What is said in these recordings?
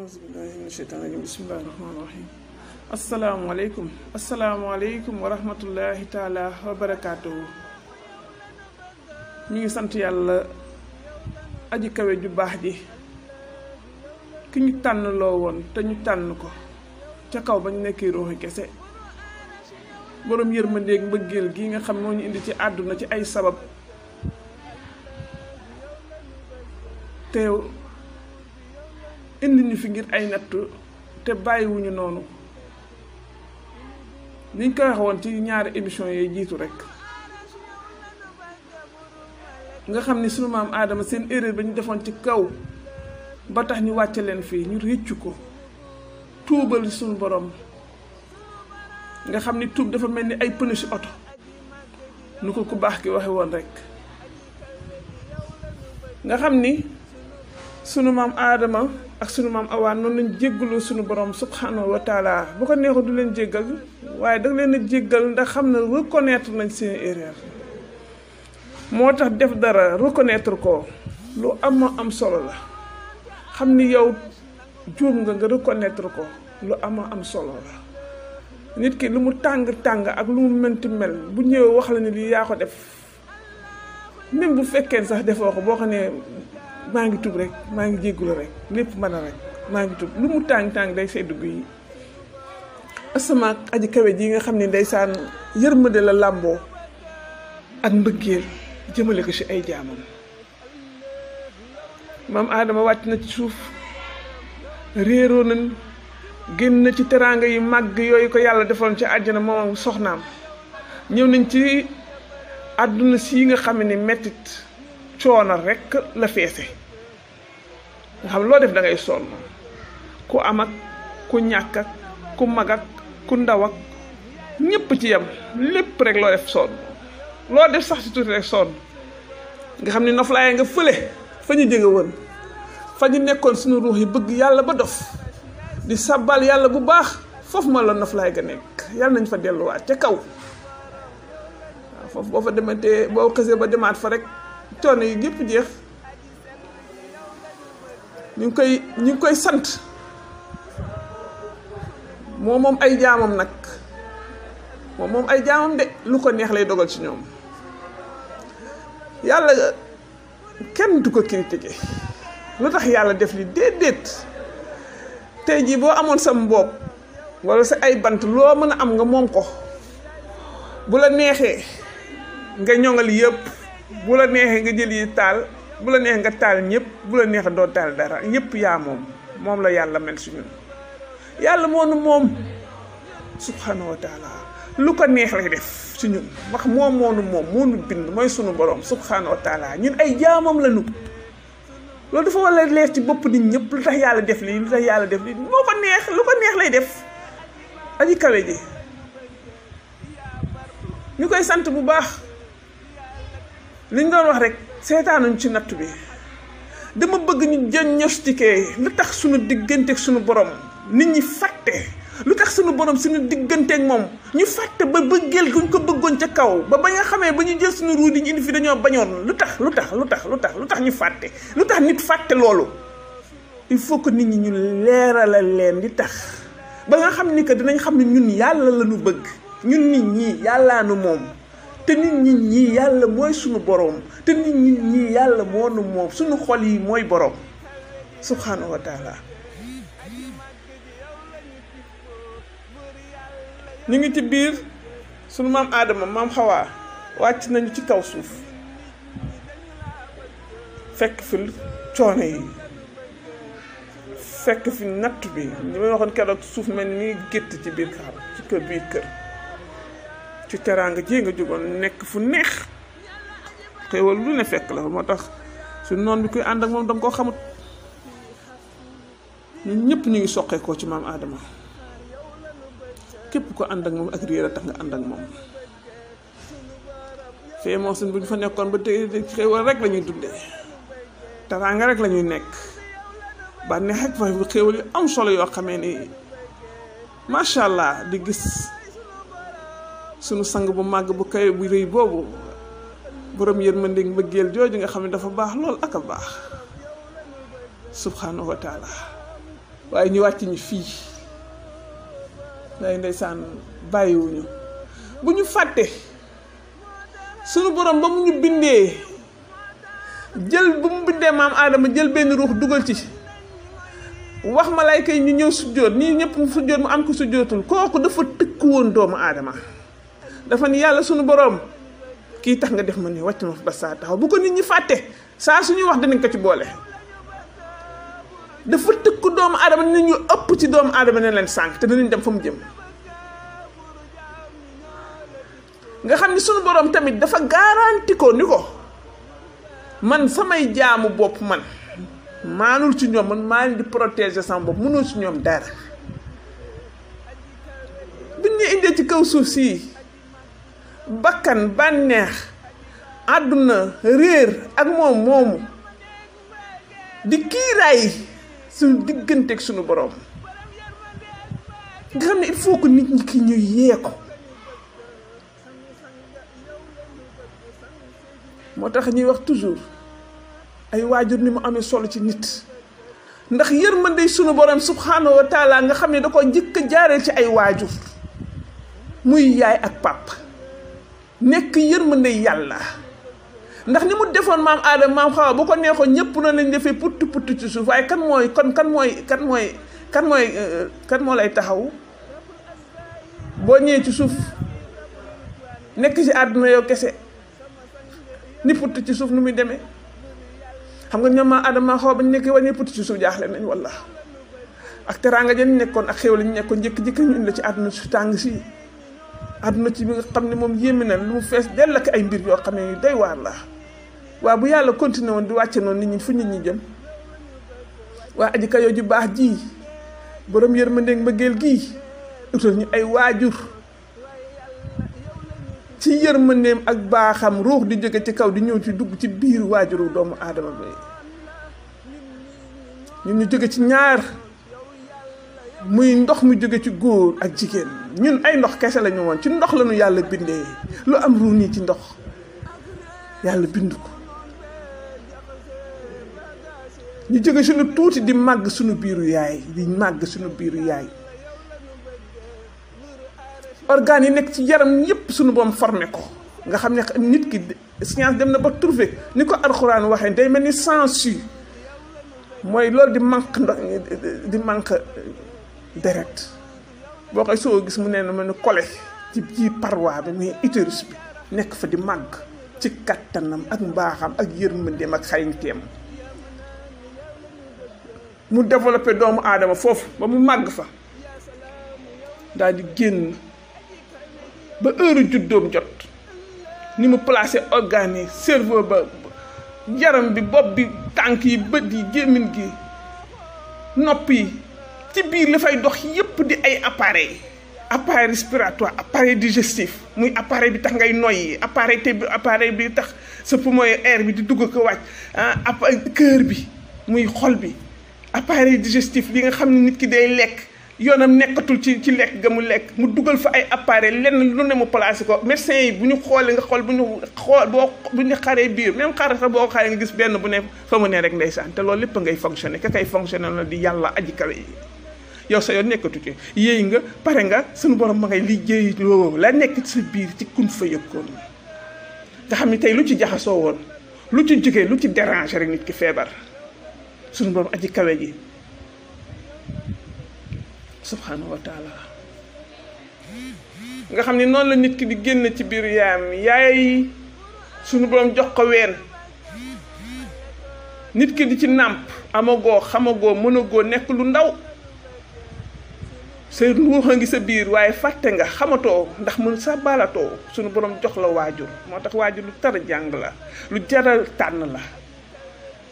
auzu billahi mina sheytaan rajim bismillahi wa rahmatullahi taala wa barakaatuhu ñu ngi sant yàlla aji kawe ju baax ji ki ñu tànn loo woon te ñu tànn ko ca kaw ba ñu nekkee ruuxi kese boroom yërmandeeg mbëggeel gi nga xam moo ñu indi ci àdduna ci ay sabab teew indi ñu fi ngir ay natt te bàyyiwuñu noonu niñ ko wax ci ñaari émission yee jiitu rek nga xam ni sunu maam aadama seen erreur ba ñu defoon ci kaw ba tax ñu wàcce leen fii ñu réccu ko tuubal sunu boroom nga xam ni tuub dafa mel ni ay pneu ci oto nu ko ku baax ki waxe woon rek nga xam ni sunu maam aadama ak suñu maam Awa noonu lañ jéggaloo sunu borom subhanahu wa taala bu ko neexu du leen jéggal waaye da leen a jéggal ndax xam na reconnaître nañ seen erreur moo tax def dara reconnaître ko lu am am solo la xam ni yow juum nga nga reconnaître ko lu am am solo la nit ki lu mu tàng-tàng ak lu mu mënti mel bu ñëwee wax la ni lii yaa ko def même bu fekkee sax defoo ko boo ko ne maa ngi tub rek maa ngi jéggulu rek lépp mën a maa ngi tub lu mu day seddu yi asamaak aji kawe nga xam ne ndeysaan yërmande la làmboo ak mbëggeel jëmale ko ci ay jaamam maam aadama wàcc na ci suuf réeroo na génn na ci teraanga yu màgg yooyu ko yàlla defoon ci àjjana moom soxnaam ñëw nañ ci àdduna si nga xam ni mettit coono rekk la feese nga xam loo def da ngay sonn ku am ak ku ñàkk ak ku mag ak ku ndaw ak ñëpp ci yam lépp rek loo def sonn loo def sax si tuuti rek sonn nga xam ne noflaay nga fële fa ñu jóge woon fa ñu nekkoon suñu ruux yi bëgg yàlla ba dof di sabbal yàlla bu baax foofu ma la noflaay ga nekk yàlla nañ fa delluwaat ca kaw foofu boo fa dematee boo xësee ba demaat fa rek coono yi yëpp jeex ñu ngi koy ñu koy sant moo moom ay jaamam nag moom moom ay jaamam de lu ko neex lay dogal ci ñoom yàlla kenn du ko critiqué lu tax yàlla def li déet tey jii boo amoon sa mboob walla sa ay bant loo mën a am nga moom ko bu la neexee nga ñoŋal yëpp bu la neexee nga jël yi taal bu la neex nga taal ñëpp bu la neex doo taal dara ñëpp yaa moom moom la yàlla mel si yàlla moo nu moom subhanahu wa taala lu ko neex lay def si ñun wax moom moo nu moom moo bind mooy sunu borom subhanahu wa taala ñun ay jaamam la nu loolu dafa war a leer ci bopp nit ñëpp lu tax yàlla def lii lu tax yàlla def lii moo ko neex lu ko neex lay def aji kawe ji ñu koy sant bu baax liñ doon wax rek. seetaanuñ ci natt bi dama bëgg ñu diagnostiquer lu tax suñu diggante ak suñu borom nit ñi fàtte lu tax suñu borom suñu diggante ak moom ñu fàtte ba bëggeel guñ ko bëggoon ca kaw ba ba nga xamee ba ñu jël suñu ruu di indi fi dañoo bañoon lu tax lu tax lu tax lu tax lu tax ñu fàtte lu tax nit fàtte loolu il faut que nit ñi ñu leeralal leen di tax ba nga xam ni dinañ xam ñun yàlla la bëgg ñun nit ñi moom te nit ñi ñii yàlla mooy suñu boroom te nit ñi ñii yàlla moo nu moom suñu xol yi mooy boroom subhaanahu wa taala ñu ngi ci biir suñu maam aadama maam xawaa wàcc nañu ci kaw suuf fekk fi coono yi fekk fi natt bi li may waxoon keroog suuf mel ni gétt ci biir kaar ci kër biir kër ci teranga ji nga jugoon nek fu neex xewal lu ne fekk la motax su non bi koy and ak mom dam ko xamut ñun ñep ñu ngi ko ci mam adama képp ko and ak mom ak riira tax nga and ak mom fee mo sun buñ fa nekkon ba tey xewal rek lañuy dundé teranga rek lañuy nek ba ne ak fa xewal yu am solo yo xamé ni macha allah di gis sunu sang bu màgg bu kay bu rëy boobu borom yërmande mbëggeel jooju nga xam ne dafa baax lool ak a baax subhanahu wa taala waaye ñu wàcc ñu fii day ndeysaan bàyyiwuñu bu ñu fàtte sunu borom ba mu ñu bindee jël ba mu bindee maam aadama jël benn ruux dugal ci wax malayka yi ñu ñëw sujjóot nii ñëpp sujjóot mu am ko sujjóotul kooku dafa tëkk woon doomu aadama dafa ni yalla sunu borom kita tax nga def ma ne wàcc ma ba saa taxaw bu ko nit ñi faté sa suñu wax danañ ko ci bolé dafa tekk doom adam ni ñu upp ci doom adam ne leen sank te danañ dem fa mu jëm nga xamni sunu borom tamit dafa garanti ko niko man samay jaamu bop man manul ci ñom man ma di protéger sama bop mënul ci ñom dara biñ ñu indee ci kaw suuf bakkan bànneex àdduna réer ak moom moomu di kiiraay suñu diggante ak suñu boroom nga xam ne il faut que nit ñi ki ñu yee ko moo tax ñuy wax toujours ay waajur ni mu amee solo ci nit ndax yërmande sunu borom subhanahu wa taala nga xam ne da ko njëkk a jaareel ci ay waajur muy yaay ak pàpp nekk yërmande yàlla ndax ni mu defoon maam aadama maam xawa bu ko neexoon ñëpp na lañ defee putt putt ci suuf waaye kan mooy kon kan mooy kan mooy kan mooy euh, kan moo taxaw boo ñëwee ci suuf nekk ci àdduna yow kese ni putt ci suuf nu muy demee xam nga ñoom maam aadama maam xawa ba ñu nekkee wañee putt ci suuf jaaxle nañ walla ak teraanga jën nekkoon ak xéew la ñu nekkoon njëkk njëkk ñu indi la ci àdduna su tàng si àdduna ci bi nga xam ne moom yéeme na lu mu fees dell ak ay mbir yoo xam ne day waar la waaw bu yàlla continué woon di wàcce noonu nit ñi fu nit ñi jëm waa aji ka yoo ju baax ji borom ma mbëggeel gi utal ñu ay waajur ci yërmandeem ak baaxam ruux di jóge ci kaw di ñëw ci dugg ci biir waajuru doomu aadama bi ñun ñu jóge ci ñaar muy ndox mu jóge ci góor ak jigéen ñun ay ndox kese la ñu woon ci ndox lañu yàlla bindee lu am ruu nii ci ndox yàlla bind ko ñu jóge suñu tuuti di màgg suñu biiru yaay di suñu biiru yaay organes yi nekk ci yaram yépp suñu boom formé ko nga xam ne nit ki science dem na ba trouvé ni ko alxuraan waxee day mel ni sens yi mooy loolu di manque ndox di manque deret boo koy soo gis mu nee na mel ne kole ci ji paroi bi mais utérus bi nekk fa di màgg ci kattanam ak mbaaxam ak yërmandeem ak xarañteem mu développé doomu aadama foofu ba mu màgg fa daal di génn ba heure juddoom jot ni mu placé organe yi cerveau ba yaram bi bopp bi tànk yi bët yi gémmiñ gi nopp yi ci biir li fay dox yépp di ay appareil appareil respiratoire appareil digestif muy appareil bi tax ngay noyyi appareil te appareil bi tax sa poumon air bi di dugg ko wàcc ah cœur bi muy xol bi appareil digestif bi nga xam ne nit ki day lekk yoonam nekkatul ci ci lekk ga mu lekk mu dugal fa ay appareil lenn lu ne mu placé ko médecin yi bu ñu xoolee nga xool bu ñu xool boo ñu xaree biir même xare sax boo xaaree nga gis benn bu ne fa mu ne rek sax te loolu lépp ngay fonctionné ka kay fonctionné la di yàlla aji kawe yow sa yoon nekkatu ci yéey nga pare nga suñu borom ma ngay liggéey la nekk ci sa biir ci kun fa yëkkoon nga xam ni tey lu ci jaxasoo woon lu ci jógee lu ci déranger nit ki feebar suñu borom aji kawe ji subhanahu wa nga xam ni noonu la nit ki di génn ci biir yaam yaay suñu boroom jox ko ween nit ki di ci nàmp amagoo xamagoo mënagoo nekk lu ndaw sa ruux a ngi sa biir waaye fàtte nga xamatoo ndax mun sa baalatoo suñu borom jox la waajur moo tax waajur lu tar jàng la lu jaral tànn la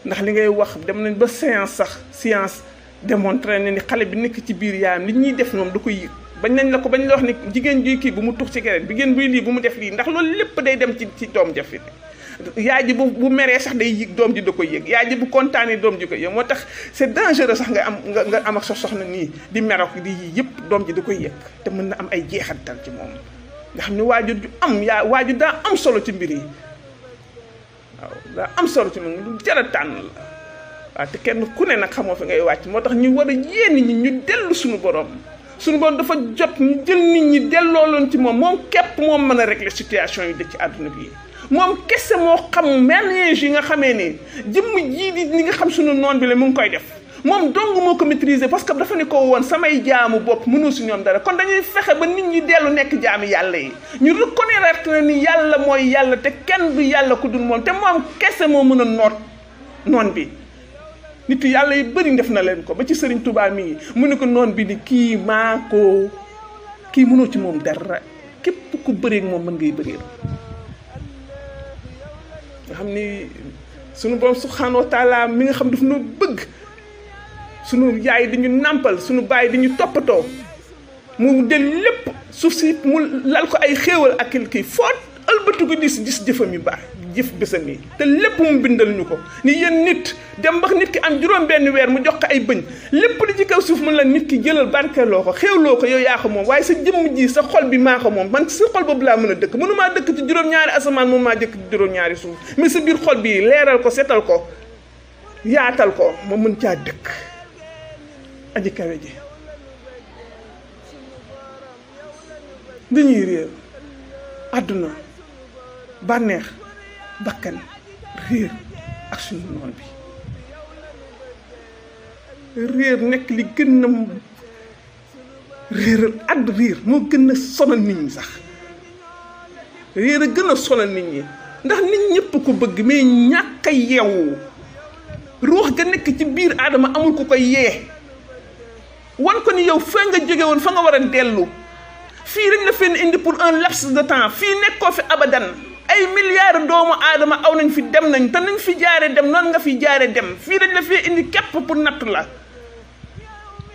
ndax li ngay wax dem nañ ba science sax science démontré na ni xale bi nekk ci biir yaayam li ñuy def moom du koy yëg bañ nañ la ko bañ la wax ni jigéen juy kii bu mu tux ci bi jigéen buy lii bu mu def lii ndax loolu lépp day dem ci ci doom jafe yaay ji bu bu meree sax day yëg doom ji da koy yëg yaay bu kontaanee doom ji koy yëg moo tax c'est dangereux sax nga am nga nga am ak sa soxna nii di merok di yii yëpp doom ji da koy yëg te mën na am ay jeexantal ci moom nga xam ne waajur ju am yaa waajur daa am solo ci mbir yi waaw daa am solo ci mbir lu jar a tànn la waaw te kenn ku ne nag xamoo fi ngay wàcc moo tax ñu war a yéen ñi ñu dellu suñu borom suñu borom dafa jot ñu jël nit ñi delloo loon ci moom moom képp moom mën a régler situation yi dëkk ci àdduna bi moom kese moo xam ménage yi nga xamee ni jëmm jii di li nga xam suñu noon bi la mu ngi koy def moom dong moo ko maîtriser parce que dafa ne ko woon samay jaamu bopp mënul si ñoom dara kon dañuy fexe ba nit ñi dellu nekk jaami yàlla yi ñu reconnaître na ni yàlla mooy yàlla te kenn du yàlla ku dul moom te moom kese moo mën a noot noon bi nit yàlla yi bëri def na leen ko ba ci sëriñ Touba mii mu ne ko noon bi ni kii maa ko kii mënoo ci moom dara képp ku bëree moom mën ngay bëree xam ni sunu borom subhanahu wa taala mi nga xam daf noo bëgg sunu yaay di nàmpal sunu baay di ñu toppatoo mu del lépp suuf si mu lal ko ay xéewal ak kii foot wëlbati ko dis gis jëfam yu baax jëf bésam yi te lépp mu bindal ñu ko ni yéen nit dem bax nit ki am juróom benn weer mu jox ko ay bëñ lépp li ci kaw suuf mun la nit ki jëlal barkeeloo ko xéewloo ko yow yaa ko moom waaye sa jëmm ji sa xol bi maa ko moom man sa xol boobu laa mën a dëkk mënumaa dëkk ci juróom-ñaari asamaan moom maa dëkk ci juróom-ñaari suuf mais sa biir xol bi leeral ko setal ko yaatal ko ma mën caa dëkk aji kawe ji dañuy réer àdduna bànneex bakkan réer ak suñu noon bi réer nekk li gën a réeral àdd réer moo gën a sonal nit ñi sax réer a gën a sonal nit ñi ndax nit ñëpp ko bëgg mais ñàkk a yeewu ruux ga nekk ci biir aadama amul ko koy yee wan ko ni yow fee nga jóge woon fa nga war a dellu fii rek la fenn indi pour un laps de temps fii nekkoo fi abadan ay milliards doomu aadama aw nañ fi dem nañ te nañ fi jaare dem noonu nga fi jaare dem fii dañ la fee indi képp pour natt la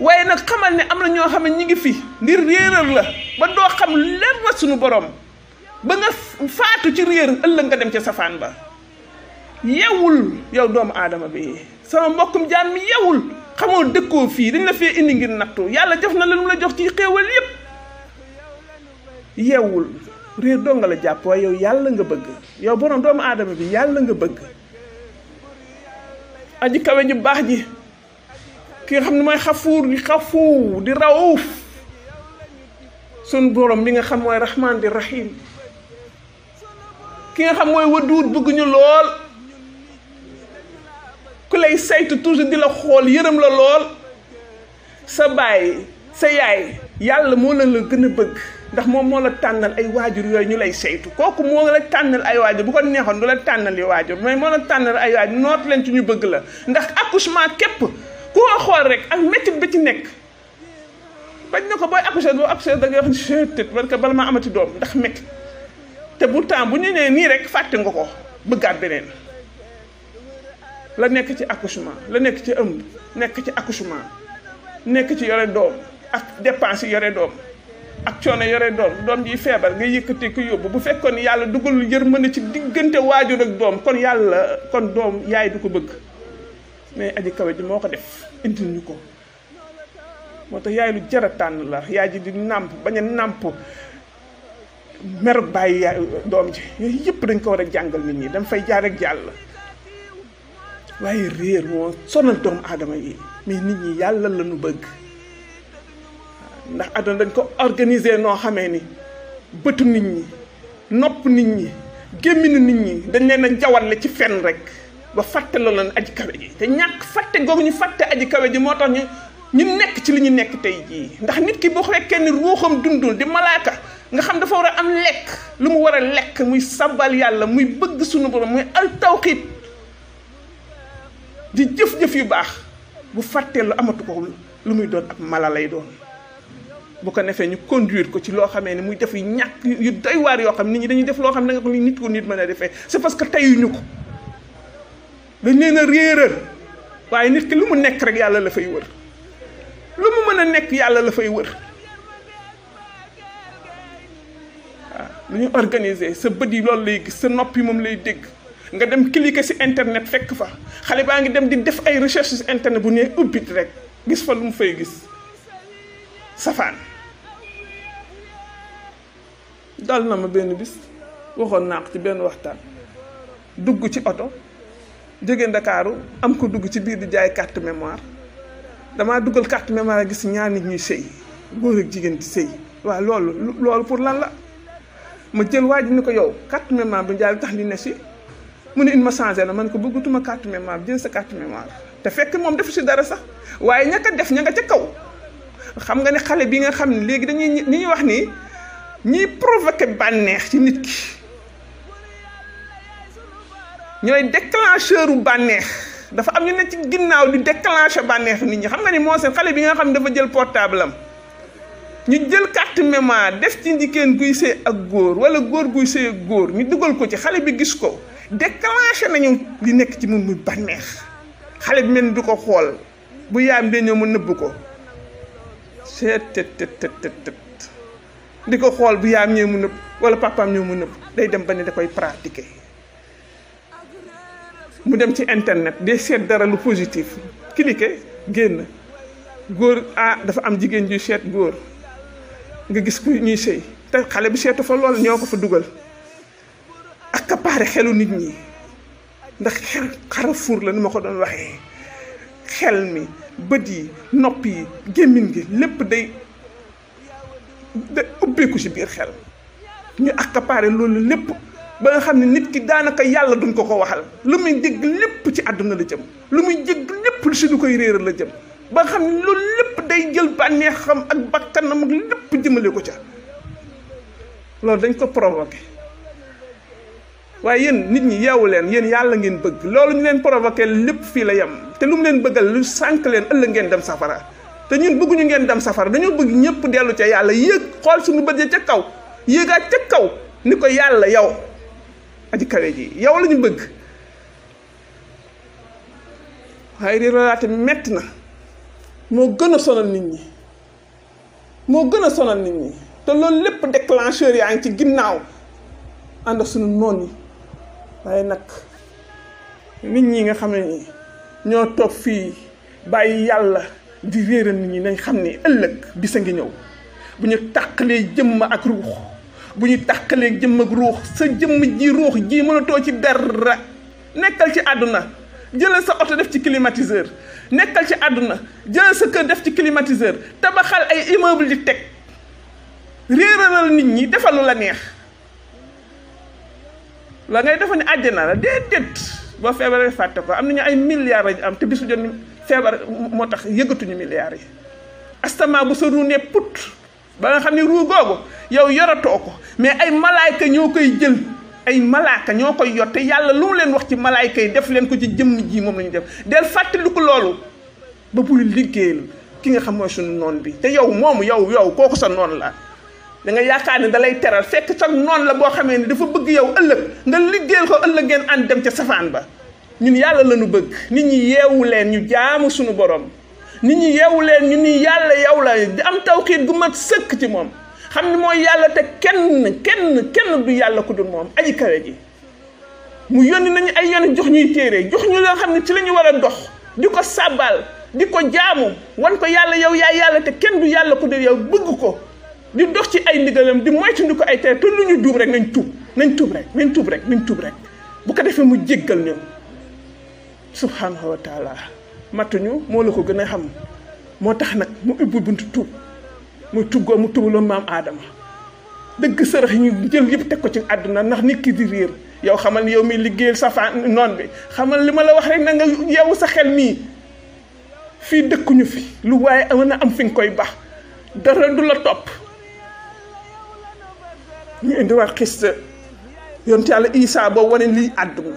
waaye nag xamal ne am na ñoo xam ne ñi ngi fi ngir réeral la ba doo xam leen wa suñu borom ba nga faatu ci réer ëllëg nga dem ca safaan ba yewul yow doomu aadama bi sama mbokkum jaam mi yewul xamoo dëkkoo fii dañ la fee indi ngir nattu yàlla jox na la lu mu la jox ci xéewal yépp yewul réer doo nga la jàpp waaye yow yàlla nga bëgg yow borom doomu aadama bi yàlla nga bëgg aji kawe ji baax ji ki nga xam ne mooy xafuur di xafuur di rawuf sun borom bi nga xam mooy raxmaan di rahim ki nga xam mooy waduut bëgguñu lool ku lay saytu toujours di la xool yërëm la lool sa baay sa yaay yàlla moo leen la gën a bëgg ndax moom moo la tànnal ay waajur yooyu ñu lay saytu kooku moo la tànnal ay waajur bu ko neexoon du la tànnal yi waajur mais moo la tànnal ay waajur noot leen ci ñu bëgg la ndax accouchement képp ku ko xool rek ak métit bi ci nekk bañ na ko booy accoucher boo accoucher da ngay wax ni parce bala maa amati doom ndax métti te pourtant bu ñu nee nii rek fàtte nga ko bëggaat beneen la nekk ci accouchement la nekk ci ëmb nekk ci accouchement nekk ci yore doom ak dépense yi yore doom ak coono yore doom doom ji feebar nga yëkkati ko yóbbu bu fekkoon yàlla dugal yërmande ci diggante waajur ak doom kon yàlla kon doom yaay du ko bëgg mais aji kawe ji moo ko def indil ñu ko moo tax yaay lu jar a tànn la yaay ji di nàmp bañ a nàmp mer bàyyi yaay doom ji yooyu yëpp dañ ko war a jàngal nit ñi dama fay jaar ak jàll waaye réer moo sonal doomu aadama yi mais nit ñi yàlla la ñu bëgg ndax àdduna dañ ko organiser noo xamee ni bëtu nit ñi nopp nit ñi gémminu nit ñi dañ leen a jawale ci fenn rek ba fàtte loolu aj aji kawe ji te ñàkk fàtte googu ñu fàtte aji kawe ji moo tax ñu ñu nekk ci li ñu nekk tey jii ndax nit ki boo fekkee ni ruuxam dundul di malaaka nga xam dafa war a am lekk lu mu war a lekk muy sabal yàlla muy bëgg sunu borom muy al tawxiit di jëf-jëf yu baax bu fàttee lu amatu ko lu muy doon ab mala lay doon bu ko defee ñu conduire ko ci loo xamee ne muy def yu ñàkk yu doy waar yoo xam nit ñi dañuy def loo xam ne da nga ko nit ko nit mën a defee c'est parce teyuñu ko dañ leen a réeral waaye nit ki lu mu nekk rek yàlla la fay wër lu mu mën a nekk yàlla la fay wër lu ñu organiser sa bët yi loolu lay gis sa nopp yi moom lay dégg nga dem cliquer ci internet fekk fa xale baa ngi dem di def ay recherche ci internet bu nee ubbit rek gis fa lu mu fay gis safaan dal na ma benn bis waxoon naa ko ci benn waxtaan dugg ci oto jóge ndakaaru am ko dugg ci biir di jaay carte mémoire damaa duggal carte mémoire gis ñaar nit ñuy sëy góor ak jigéen ci sëy waaw loolu loolu pour lan la ma jël waa ji ni ko yow carte mémoire bu jaay lu tax li ne si mu ne in ma changé la man ko bëggatuma carte mémoire jël sa carte mémoire te fekk moom defu si dara sax waaye ña ko def ña nga ca kaw xam nga ne xale bi nga xam léegi dañuy ni ñuy wax ni ñiy provoqué bànneex ci nit ki ñooy déclencheur u bànneex dafa am ñu ne ci ginnaaw di déclencher bànneex nit ñi xam nga ni moo seen xale bi nga xam dafa jël portable am ñu jël carte mémoire def ci njikeen guy see ak góor wala góor guy see ak góor ñu dugal ko ci xale bi gis ko déclenché nañu li nekk ci mun muy bànneex xale bi mel du ko xool bu dee ñëw mu nëbb ko seet di ko xool bu yaam ñëw mu nëpp wala papaam ñëw mu day dem ba ne da koy pratiquer mu dem ci internet day seet dara lu positif cliquer génn góor ah dafa am jigéen juy seet góor nga gis ku ñuy sëy te xale bi seetu fa lool ñoo ko fa dugal ak kapaare xelu nit ñi ndax xel xara la ni ma ko doon waxee xel mi bët yi nopp yi gémmiñ gi lépp day da ubbeeku ci biir xel ñu accaparé loolu lépp ba nga xam ne nit ki daanaka yàlla duñ ko ko waxal lu muy dégg lépp ci àdduna la jëm lu muy dégg lépp lu si lu koy réeral la jëm ba nga xam ne loolu lépp day jël bànneexam ak bakkanam ak lépp jëmale ko ca loolu dañ ko provoqué waaye yéen nit ñi yeewu leen yéen yàlla ngeen bëgg loolu ñu leen provoqué lépp fii la yem te lu mu leen bëggal lu sànq leen ëllëg ngeen dem safara te ñun bëgguñu ngeen dem safara dañoo bëgg ñëpp dellu ca yàlla yéeg xool suñu bët ya ca kaw yéegaat ca kaw ni ko yàlla yow aji kawe ji yow la bëgg waaye réeralaate metti na moo gën a sonal nit ñi moo gën a sonal nit ñi te loolu lépp déclencheur yaa ngi ci ginnaaw ànd suñu noon yi waaye nag nit ñi nga xam ne nii ñoo toog fii bàyyi yàlla di réeral nit ñi nañ xam ni ëllëg bis sa ngi ñëw bu ñu tàqalee jëmm ak ruux bu ñu tàqalee jëmm ak ruux sa jëmm ji ruux ji mënatoo ci dara nekkal ci àdduna jëlal sa oto def ci climatiseur nekkal ci àdduna jëlal sa kër def ci climatiseur tabaxal ay immeuble di teg réeralal nit ñi defalu la neex la ngay defa ni àjjana la déedéet boo feebaree fàtte ko am nañu ay milliards lañu am te bisu jot feebar moo tax yëggatuñu milliards yi astama bu sa ruunee put ba nga xam ne ruu googu yow yoratoo ko mais ay malaayka ñoo koy jël ay malaaka ñoo koy yor te yàlla lu mu leen wax ci malaayka yi def leen ko ci jëmm ji moom la ñu def del ko loolu ba buy liggéeyal ki nga xam mooy suñu noon bi te yow moomu yow yow kooku sa noon la danga nga yaakaar ne da teral fekk sax noonu la boo xamee ne dafa bëgg yow ëllëg nga liggéeyal ko ëllëg ngeen ànd dem ca safaan ba ñun yàlla la bëgg nit ñi yeewu leen ñu jaamu suñu boroom nit ñi yeewu leen ñu ni yàlla yow la di am tawxiit gu mat sëkk ci moom xam ni mooy yàlla te kenn kenn kenn du yàlla ku dul moom aji kawe ji mu yónni nañu ay yoon jox ñuy téere jox ñu loo xam ne ci lañu war a dox di ko sàbbaal di ko jaamu wan ko yàlla yow yaa yàlla te kenn du yàlla ku dul yow bëgg ko di dox ci ay ndigalam di moytu ndiko ay tere te luñu ñu duub rek nañ tuub nañ tuub rek nañ tuub rek nañ tuub rek bu ko defee mu jéggal ñu subhanahu wa taala matuñu moo la ko gën a xam moo tax nag mu ubbi buntu tuub muy tuggoo mu tubaloo maam aadama dëgg sërëx ñu jël yëpp teg ko ci àdduna ndax nit ki di réer yow xamal yow mi liggéeyal sa fa noon bi xamal li ma la wax rek na nga yow sa xel nii fii dëkkuñu fi lu waaye amana am fi nga koy baax dara du la topp ñu indiwaat xista yonte yàlla isa ba wane lii àdduna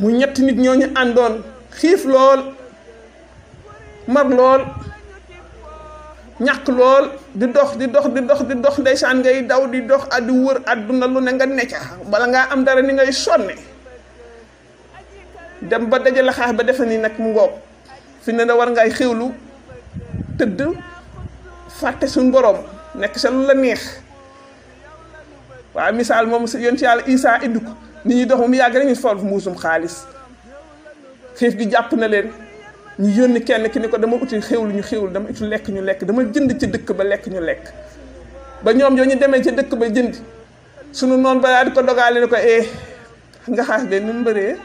mu ñetti nit ñoo ñu àndoon xiif lool mag lool ñàkk lool di dox di dox di dox di dox ndeysaan ngay daw di dox wër àdduna lu ne nga necca bala ngaa am dara ni ngay sonne dem ba dajale xaax ba defe ni nag mu ngoog fi ne na war ngay xewlu tëdd fàtte suñ borom nekk sa lu la neex waaw misaal moom si si yàlla Isaa indi ko nit ñi dox mu yàgg rek ñu sol muusum xaalis xiif gi jàpp na leen ñu yónni kenn ki ni ko dama uti xéwlu ñu xéwlu dama uti lekk ñu lekk dama jënd ci dëkk ba lekk ñu lekk ba ñoom yoo ñu demee ci dëkk ba jënd sunu noonu balaa di ko dogaale ni ko eh nga xas de ni mu bëree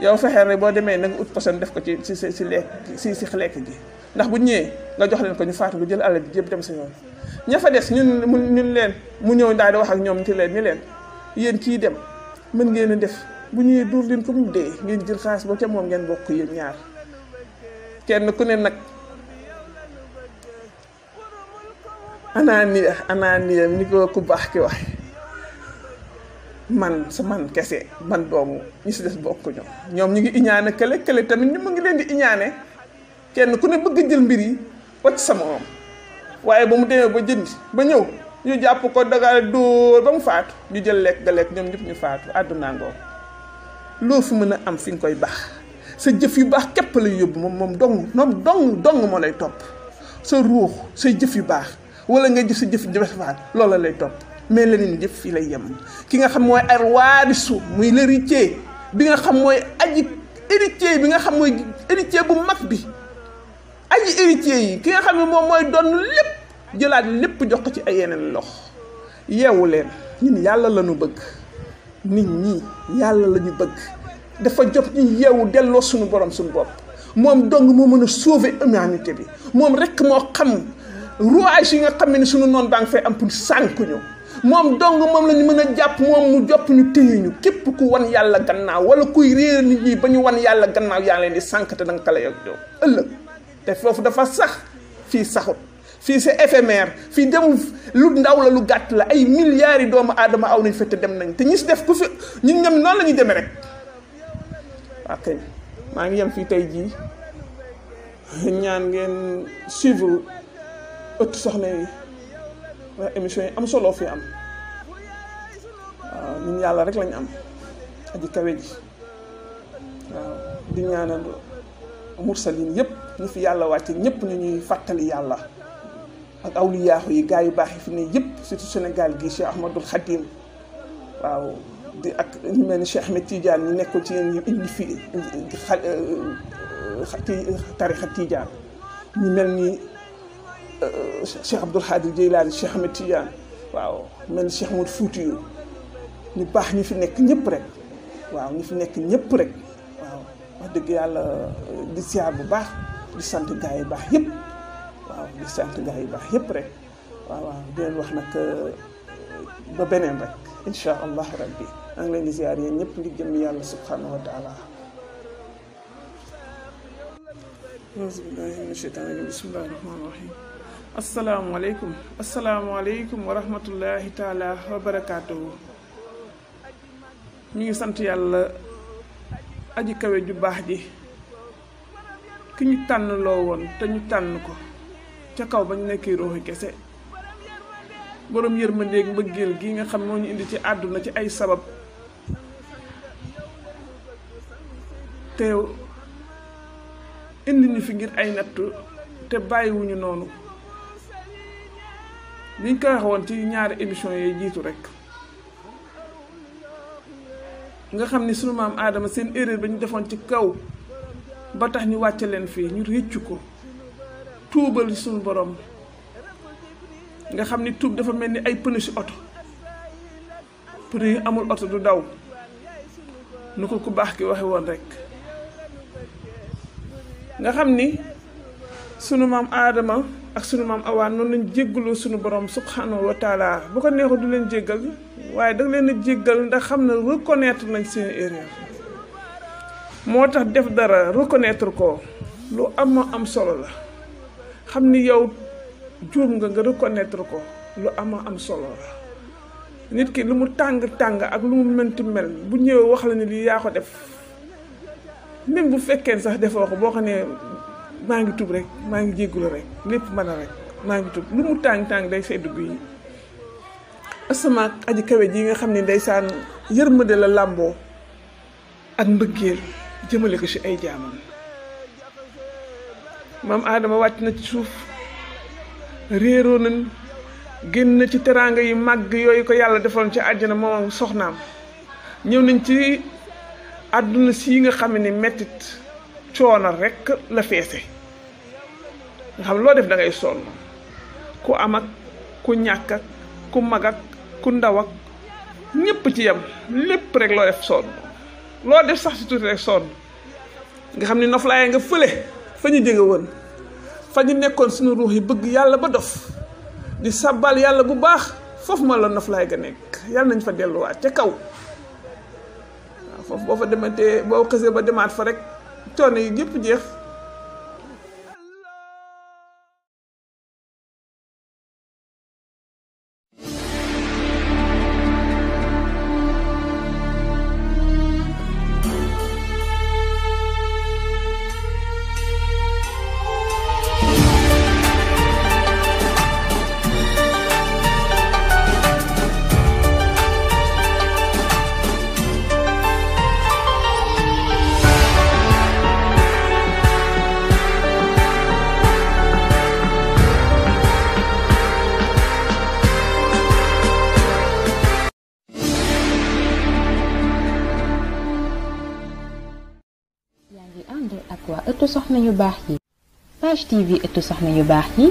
yow fexee rek boo demee na nga ut poson def ko ci si si lekk si si lekk gi ndax bu ñëwee nga jox leen ko ñu faatu ko jël alal bi yëpp dem sa yoon ña fa des ñun ñun leen mu ñëw daal di wax ak ñoom ci leen ni leen yéen kii dem mën ngeen a def bu ñuy duur leen ko mu dee ngeen jël xaalis ba ca moom ngeen bokk ko yéen ñaar kenn ku ne nag ananiya ananiya ni ko ku baax ki wax man sa kese man doomu ñi si des bokkuñu ñoom ñu ngi iñaane kële kële tamit ñu mu ngi leen di iñaane kenn ku ne bëgg jël mbir yi wacc sama moom waye ba mu banyu, ba jënd ba ñëw ñu japp ko dagal dóor ba mu faatu ñu jël lek ga lekk ñoom ñëpp ñu faatu aduna ngo fu mëna am fi koy sa jëf yu bax képp lay moom moom dong nom dong dong mo lay top sa ruux sa jëf yu bax wala nga jëf sa jëf jëfaan loolu lay top mais leneen jëf fi lay yam ki nga xam ar arwaarisu muy leritier bi nga xam moy aji héritier bi nga xam moy héritier bu mag bi ay héritiers yi ki nga xam ne moom mooy donn lépp jëlaat lépp jox ko ci ay yeneen lox yeewu leen ñun yàlla la ñu bëgg nit ñi yàlla la ñu bëgg dafa jot ñu yeewu delloo suñu borom suñu bopp moom dong moo mën a sauver humanité bi moom rek moo xam rouage yi nga xam ne suñu noon baa ngi fay am pour sànku ñu moom dong moom la mën a jàpp moom mu jopp ñu téye ñu képp ku won yàlla gannaaw wala kuy réer nit ñi ba ñu wan yàlla gannaaw yaa leen di sànq te danga kala yog jow ëllëg te foofu dafa sax fii saxut fii c'est éphémère fii demul lu ndaw la lu gàtt la ay milliards yi doomu aadama aw nañ fete dem nañ te ñi si def ku fi ñu ñoom noonu la ñuy demee rek ok ah, maa ngi yam fii tey jii ñaan ngeen suivre ëttu soxna yi waa émission yi am solo fi am waaw ñun yàlla rek lañ am aji kawe ji waaw di ñaanal mursalin yépp ñi fi yàlla wàcce ñépp ñu ñuy fàttali yàlla ak awliyaaxu yi gaa yu baax yi fi ne yépp surtout Sénégal gi Cheikh Ahmadul Khadim waaw di ak ñu mel ni Cheikh Ahmed Tidiane ñu nekkoon ci yéen ñu indi fi tarixa Tidiane ñu mel ni Cheikh Abdoul Khadir Jeylaani Cheikh Ahmed Tidiane waaw mel ni Cheikh Modou Foutiyou ñu baax ñi fi nekk ñëpp rek waaw ñi fi nekk ñëpp rek wax dëgg yàlla di siyaar bu baax di sant gaa yu baax yëpp waaw di sant gaa yu baax yëpp rek waaw waaw di wax nag euh, ba beneen rek incha allah rabbi maa leen di siyaar yéen ñëpp di jëm yàlla subhanahu wa taala auzu billahi mina shaytaani rajim bismillahi rahim asalaamaaleykum asalaamaaleykum wa rahmatullahi taala wa barakaatuhu ñu ngi sant yàlla aji kawe ju baax ji ki ñu tànn loo woon te ñu tànn ko ca kaw ba ñu nekkee ruuxi kese boroom yërmandeeg mbëggeel gi nga xam moo ñu indi ci àdduna ci ay sabab te indi ñu fi ngir ay nattu te bàyyiwuñu noonu liñ ko wax woon ci ñaari émission yi jiitu rekk nga xam ne sunu maam aadama seen erreur ba ñu defoon ci kaw ba tax ñu wàcce leen fii ñu réccu ko tuubal sunu boroom nga xam ni tuub dafa mel ni ay pneu ci oto pneu yi amul oto du daw nu ko ku baax ki waxe woon rek nga xam ni sunu maam aadama ak sunu maam awaan noonu lañ jéggaloo sunu borom subhanahu wa taala boo ko neexu du leen jéggal waaye da leen jéggal ndax xam na reconnaître nañ seen erreur moo tax def dara reconnaître ko lu am am solo la xam ni yow juum nga nga reconnaître ko lu am am solo la nit ki lu mu tàng tàng ak lu mu mënti mel bu ñëwee wax la ni yaa ko def même bu fekkee sax defoo ko boo xam ne maa ngi tub rek maa ngi jéggulu rek lépp mën a rek maa ngi tub lu mu tàng tàng day say dugg asamaak aji kawe ji nga xam ne ndeysaan yërmande la làmboo ak mbëggeel jëmale ko ci ay jaamam maam aadama wàcc na ci suuf réeroo nañ génn na ci teraanga yu màgg yooyu ko yàlla defoon ci àjjana moom soxnaam ñëw nañ ci àdduna si nga xam ni mettit coono rekk la feese nga xam loo def da ngay sonn ku am ak ku ñàkk ak ku mag ak ku ndaw ak ñépp ci yem lépp rek loo def sonn loo def sax si tuuti rek sonn nga xam ne noflaay nga fële fa ñu jege woon fa ñu nekkoon suñu ruux yi bëgg yàlla ba dof di sàbbal yàlla bu baax foofu ma la noflaay ga nekk yàlla nañ fa delluwaat ca kaw foofu boo fa dematee boo xësee ba demaat fa rek coono yi yépp jeex yu baax yi page tv ëttu soxna yu baax yi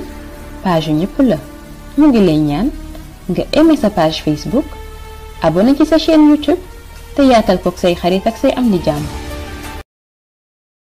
page yu ñëpp la mu ngi lay ñaan nga aimé sa page facebook abonné ci sa chaîne youtube te yaatal kook say xarit ak say am di jàmm